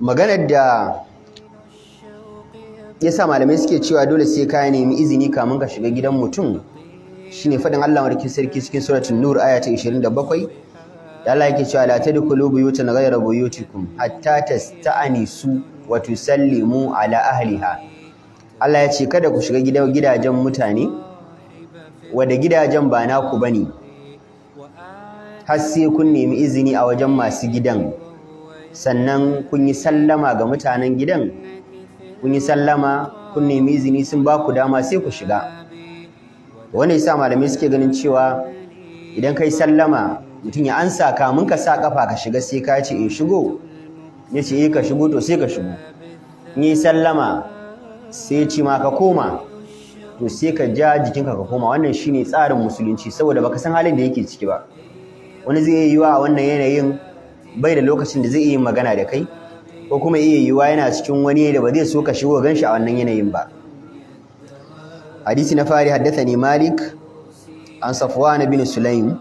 maganar da ya sa malamai suke cewa dole sai ka nemi izini kamun ka shiga gidan mutum shine faɗin Allah warkin sarki cikin suratul nur aya ta 27 da Allah yake cewa la tadkhulu buyutan ghayra buyutikum hatta tasta'nisu wa tusallimu ala ahliha Allah ya ce kada ku shiga gidan gidajen mutane wada gidajen ba naku bane har sai kun nemi izini a wajen masu gidan sannan kun yi sallama ga mutanen gidan kun yi sallama kun nemi izini sun ba ku dama sai ku shiga wani yasa malamai suke ganin cewa idan kai sallama mutum ya ansa ka mun ka sa kafa ka shiga sai ka ce in eh, shigo ya ce eh, ka shigo to sai ka shigo in yi sallama sai ce ma ka koma to sai ka ja jikinka ka koma wannan shi ne tsarin musulunci saboda baka san halin da yake ciki ba wani zai yi wa wannan yanayin bai da lokacin da zai iya magana da kai ko kuma iya yiwa yana cikin wani da ba zai so ka shigo shi a wannan yanayin ba hadisi na fari haddasa haddathani malik an na bin sulaim